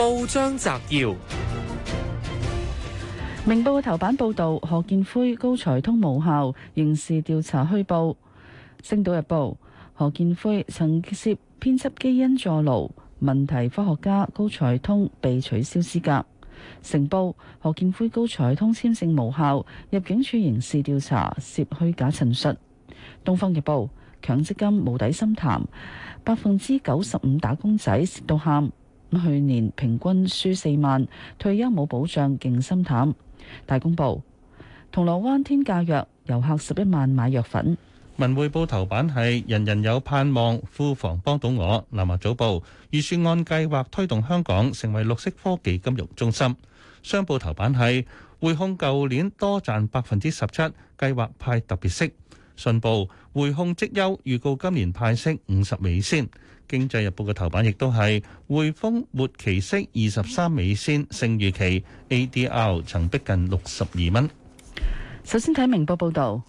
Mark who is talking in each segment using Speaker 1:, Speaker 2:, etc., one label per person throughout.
Speaker 1: 報章摘要：明報嘅頭版報道，何建輝高才通無效，刑事調查虛報。星島日報，何建輝曾涉編輯基因助勞，問題科學家高才通被取消資格。成報，何建輝高才通簽證無效，入境處刑事調查涉虛假陳述。東方日報，強積金無底深潭，百分之九十五打工仔蝕到喊。去年平均輸四萬，退休冇保障，勁心淡。大公報，銅鑼灣天價藥，遊客十一萬買藥粉。
Speaker 2: 文匯報頭版係人人有盼望，庫房幫到我。南華早報，預算案計劃推動香港成為綠色科技金融中心。商報頭版係匯控舊年多賺百分之十七，計劃派特別息。信報匯控績優，預告今年派息五十美仙，經濟日報嘅頭版亦都係匯豐末期息二十三美仙，勝預期，ADR 曾逼近六十二蚊。
Speaker 1: 首先睇明報報導。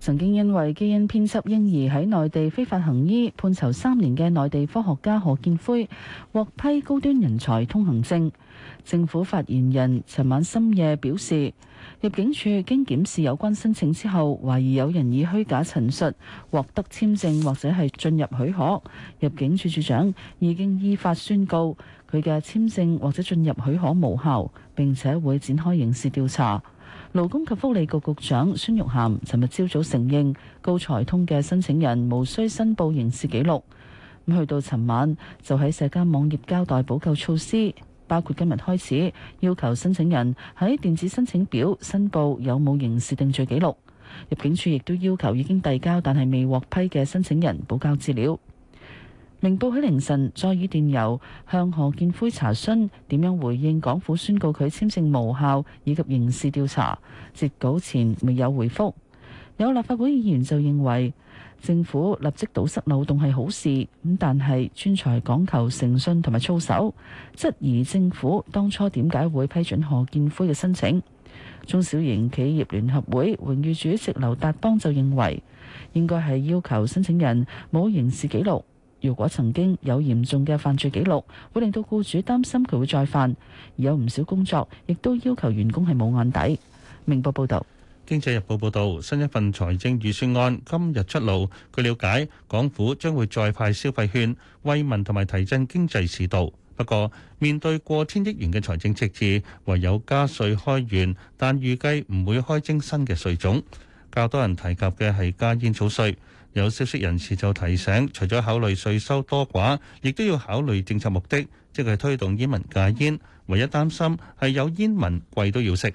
Speaker 1: 曾經因為基因編輯嬰兒喺內地非法行醫，判囚三年嘅內地科學家何建輝獲批高端人才通行證。政府發言人尋晚深夜表示，入境處經檢視有關申請之後，懷疑有人以虛假陳述獲得簽證或者係進入許可。入境處處長已經依法宣告佢嘅簽證或者進入許可無效，並且會展開刑事調查。勞工及福利局局長孫玉菡尋日朝早承認，高才通嘅申請人無需申報刑事記錄。咁去到尋晚就喺社交網頁交代補救措施，包括今日開始要求申請人喺電子申請表申報有冇刑事定罪記錄。入境處亦都要求已經遞交但係未獲批嘅申請人補交資料。明報喺凌晨再以電郵向何建輝查詢點樣回應港府宣告佢簽證無效以及刑事調查，截稿前未有回覆。有立法會議員就認為政府立即堵塞漏洞係好事，咁但係專才講求誠信同埋操守，質疑政府當初點解會批准何建輝嘅申請。中小型企業聯合會榮譽主席劉達邦就認為應該係要求申請人冇刑事記錄。如果曾經有嚴重嘅犯罪記錄，會令到僱主擔心佢會再犯。而有唔少工作亦都要求員工係冇案底。明報報導，
Speaker 2: 《經濟日報》報導，新一份財政預算案今日出爐。據了解，港府將會再派消費券，慰問同埋提振經濟市道。不過，面對過千億元嘅財政赤字，唯有加稅開源，但預計唔會開徵新嘅稅種。較多人提及嘅係加煙草稅。有消息人士就提醒，除咗考慮稅收多寡，亦都要考慮政策目的，即係推動煙民戒煙，唯一擔心係有煙民貴都要食。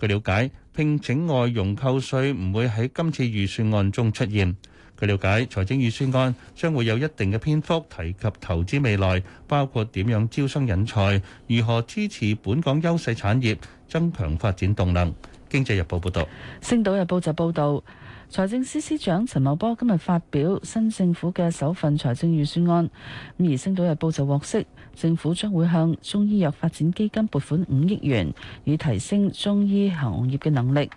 Speaker 2: 據了解，聘請外傭扣稅唔會喺今次預算案中出現，據了解，財政預算案將會有一定嘅篇幅提及投資未來，包括點樣招商引才、如何支持本港優勢產業增強發展動能。經濟日報報道，
Speaker 1: 星島日報就報道。財政司司長陳茂波今日發表新政府嘅首份財政預算案，咁而《星島日報》就獲悉，政府將會向中醫藥發展基金撥款五億元，以提升中醫行業嘅能力，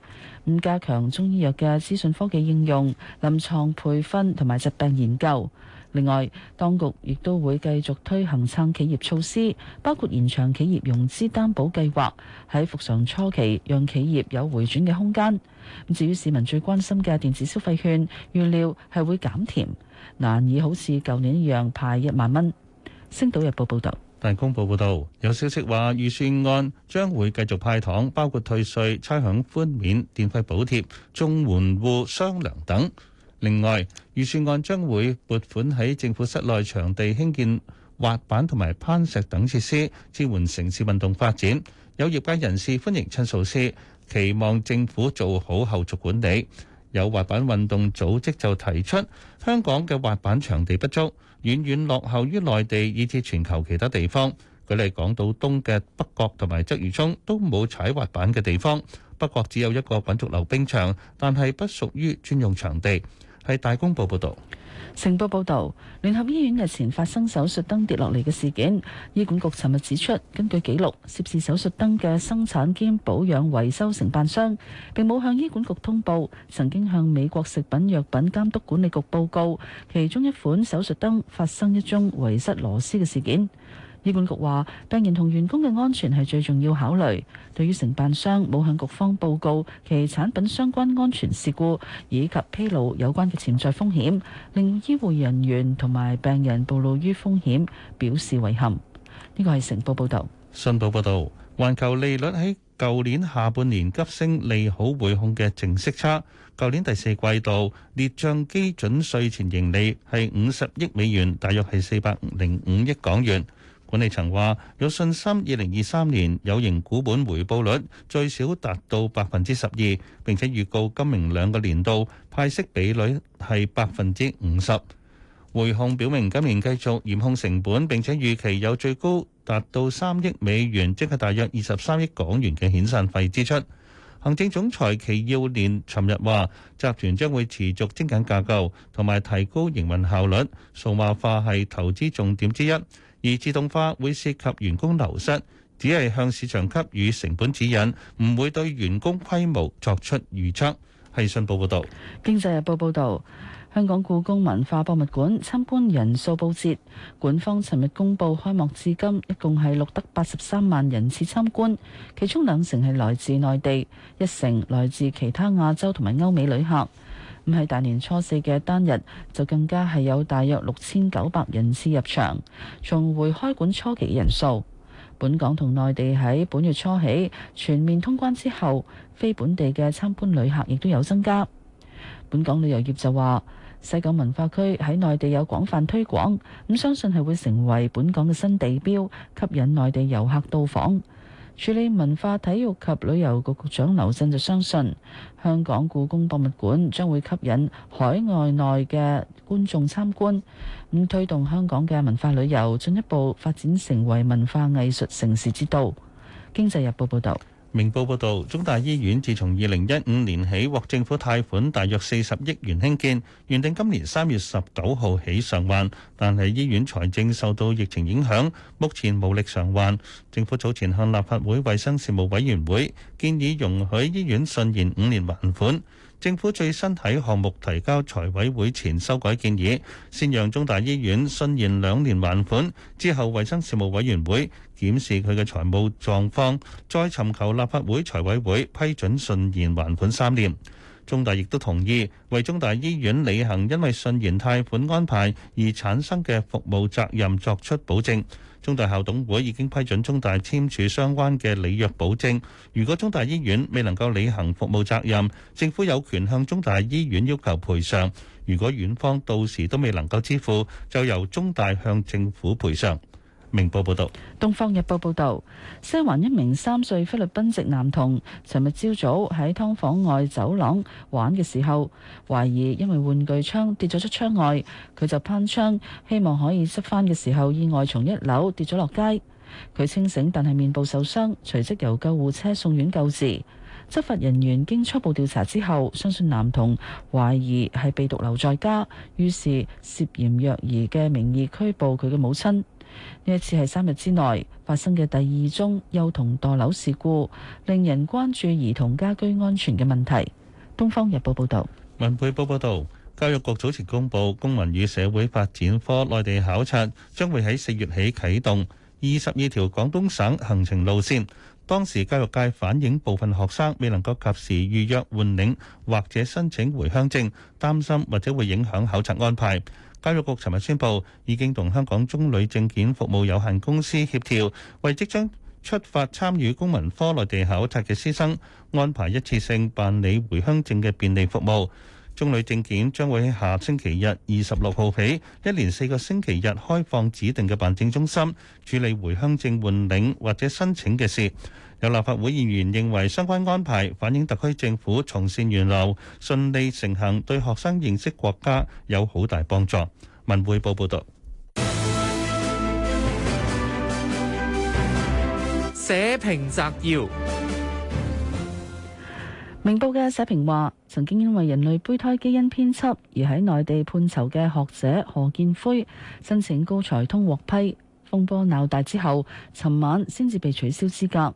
Speaker 1: 咁加強中醫藥嘅資訊科技應用、臨牀培訓同埋疾病研究。另外，當局亦都會繼續推行撐企業措施，包括延長企業融資擔保計劃，喺復常初期讓企業有回轉嘅空間。至於市民最關心嘅電子消費券，預料係會減甜，難以好似舊年一樣派一萬蚊。星島日報報道，
Speaker 2: 大公報報道有消息話，預算案將會繼續派糖，包括退稅、差餉寬免、電費補貼、綜援戶雙糧等。另外，預算案將會撥款喺政府室內場地興建滑板同埋攀石等設施，支援城市運動發展。有業界人士歡迎趁數師，期望政府做好後續管理。有滑板運動組織就提出，香港嘅滑板場地不足，遠遠落後於內地以至全球其他地方。舉例，港島東嘅北角同埋鰂魚涌，都冇踩滑板嘅地方，北角只有一個滾軸溜冰場，但係不屬於專用場地。係大公報報道，
Speaker 1: 成報報道，聯合醫院日前發生手術燈跌落嚟嘅事件，醫管局尋日指出，根據記錄，涉事手術燈嘅生產兼保養維修承辦商，並冇向醫管局通報，曾經向美國食品藥品監督管理局報告，其中一款手術燈發生一宗遺失螺絲嘅事件。醫管局話：病人同員工嘅安全係最重要考慮。對於承辦商冇向局方報告其產品相關安全事故，以及披露有關嘅潛在風險，令醫護人員同埋病人暴露於風險，表示遺憾。呢個係成報報導。
Speaker 2: 信報報導，環球利率喺舊年下半年急升，利好匯控嘅淨息差。舊年第四季度列帳基準稅前盈利係五十億美元，大約係四百零五億港元。管理層話有信心，二零二三年有形股本回報率最少達到百分之十二，並且預告今明兩個年度派息比率係百分之五十。匯控表明今年繼續嚴控成本，並且預期有最高達到三億美元，即係大約二十三億港元嘅遣散費支出。行政總裁祁耀年尋日話，集團將會持續精簡架構，同埋提高營運效率，數碼化係投資重點之一。而自動化會涉及員工流失，只係向市場給予成本指引，唔會對員工規模作出預測。係《信報》報導，
Speaker 1: 《經濟日報》報導，香港故宮文化博物館參觀人數報捷，館方尋日公布開幕至今一共係錄得八十三萬人次參觀，其中兩成係來自內地，一成來自其他亞洲同埋歐美旅客。咁喺大年初四嘅單日就更加係有大約六千九百人次入場，重回開館初期嘅人數。本港同內地喺本月初起全面通關之後，非本地嘅參觀旅客亦都有增加。本港旅遊業就話，西九文化區喺內地有廣泛推廣，咁相信係會成為本港嘅新地標，吸引內地遊客到訪。處理文化、體育及旅遊局局長劉震就相信，香港故宮博物館將會吸引海外內嘅觀眾參觀，咁推動香港嘅文化旅遊進一步發展成為文化藝術城市之都。經濟日報報導。
Speaker 2: 明報報導，中大醫院自從二零一五年起獲政府貸款大約四十億元興建，原定今年三月十九號起償還，但係醫院財政受到疫情影響，目前無力償還。政府早前向立法會衞生事務委員會建議容許醫院順延五年還款。政府最新喺項目提交財委會前修改建議，先讓中大醫院順延兩年還款，之後衞生事務委員會檢視佢嘅財務狀況，再尋求立法會財委會批准順延還款三年。中大亦都同意為中大醫院履行因為順延貸款安排而產生嘅服務責任作出保證。中大校董會已經批准中大簽署相關嘅履約保證。如果中大醫院未能夠履行服務責任，政府有權向中大醫院要求賠償。如果院方到時都未能夠支付，就由中大向政府賠償。明報報導，
Speaker 1: 《東方日報》報導，西環一名三歲菲律賓籍男童，尋日朝早喺湯房外走廊玩嘅時候，懷疑因為玩具槍跌咗出窗外，佢就攀窗希望可以執翻嘅時候，意外從一樓跌咗落街。佢清醒，但係面部受傷，隨即由救護車送院救治。執法人員經初步調查之後，相信男童懷疑係被獨留在家，於是涉嫌虐兒嘅名義拘捕佢嘅母親。呢一次係三日之內發生嘅第二宗幼童墮樓事故，令人關注兒童家居安全嘅問題。東方日報報道，
Speaker 2: 文匯報報道，教育局早前公布公民與社會發展科內地考察將會喺四月起啟動二十二條廣東省行程路線。當時教育界反映部分學生未能夠及時預約換領或者申請回鄉證，擔心或者會影響考察安排。教育局尋日宣布，已經同香港中旅證件服務有限公司協調，為即將出發參與公民科內地考察嘅師生安排一次性辦理回鄉證嘅便利服務。中旅證件將會喺下星期日二十六號起，一連四個星期日開放指定嘅辦證中心處理回鄉證換領或者申請嘅事。有立法會議員認為相關安排反映特區政府從善如流，順利成行，對學生認識國家有好大幫助。文匯報報道：社評摘要：
Speaker 1: 明報嘅社評話，曾經因為人類胚胎基因編輯而喺內地判囚嘅學者何建輝申請高才通獲批，風波鬧大之後，尋晚先至被取消資格。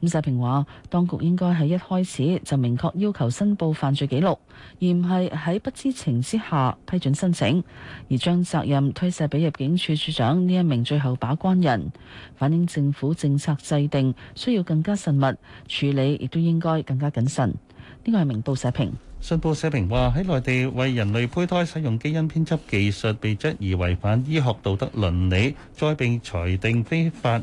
Speaker 1: 伍世平話：當局應該喺一開始就明確要求申報犯罪記錄，而唔係喺不知情之下批准申請，而將責任推卸俾入境處處長呢一名最後把關人。反映政府政策制定需要更加慎密，處理亦都應該更加謹慎。呢個係明報社評。信報社
Speaker 2: 評話喺內地為人類胚胎使用基因編輯技術被質疑違反醫學道德倫理，再被裁定非法。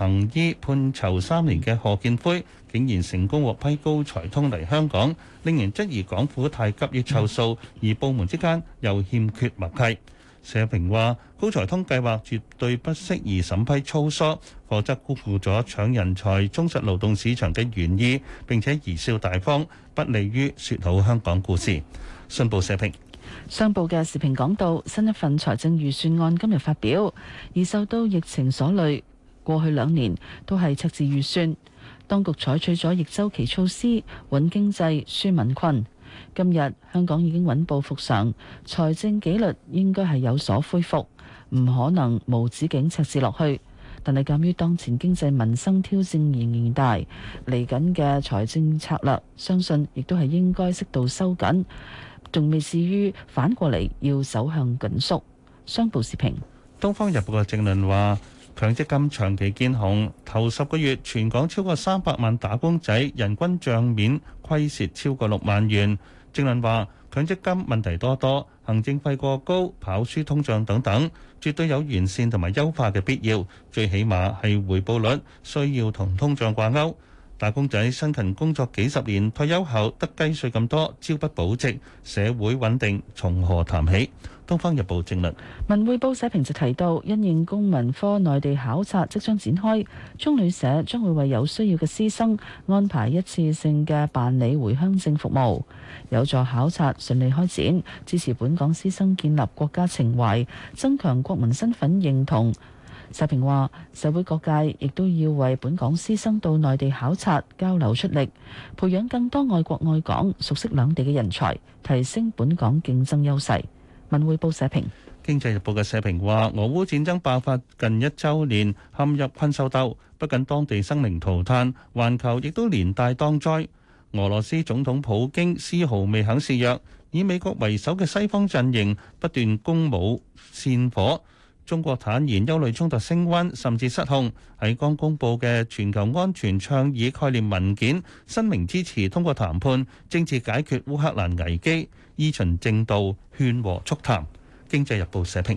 Speaker 2: 行醫判囚三年嘅何建輝竟然成功獲批高才通嚟香港，令人質疑港府太急於湊數，而部門之間又欠缺默契。社評話高才通計劃絕對不適宜審批粗疏，否則辜負咗搶人才、充實勞動市場嘅原意，並且貽笑大方，不利於說好香港故事。信報社評，
Speaker 1: 商報嘅時評講到，新一份財政預算案今日發表，而受到疫情所累。過去兩年都係赤字預算，當局採取咗逆周期措施，穩經濟、舒民困。今日香港已經穩步復常，財政紀律應該係有所恢復，唔可能無止境赤字落去。但係鑑於當前經濟民生挑戰仍然大，嚟緊嘅財政策略相信亦都係應該適度收緊，仲未至於反過嚟要走向緊縮。商報時評，
Speaker 2: 東方日報嘅正論話。強積金長期見紅，頭十個月全港超過三百萬打工仔人均帳面虧蝕超過六萬元。正論話強積金問題多多，行政費過高、跑輸通脹等等，絕對有完善同埋優化嘅必要。最起碼係回報率需要同通脹掛鈎。打工仔辛勤工作幾十年，退休後得雞碎咁多，朝不保夕，社會穩定從何談起？《東方日報》正論，
Speaker 1: 《文匯報》社評就提到，因應公民科內地考察即將展開，中旅社將會為有需要嘅師生安排一次性嘅辦理回鄉證服務，有助考察順利開展，支持本港師生建立國家情懷，增強國民身份認同。社評話，社會各界亦都要為本港師生到內地考察交流出力，培養更多愛國愛港、熟悉兩地嘅人才，提升本港競爭優勢。文匯報社評，經濟
Speaker 2: 日報嘅社評話，俄烏戰爭爆發近一周年，陷入困獸鬥，不僅當地生靈塗炭，環球亦都連帶當災。俄羅斯總統普京絲毫未肯示弱，以美國為首嘅西方陣營不斷攻冇煽火。中國坦言憂慮衝突升溫，甚至失控。喺剛公布嘅全球安全倡議概念文件，聲明支持通過談判，政治解決烏克蘭危機，依循正道勸和促談，經濟日報社評。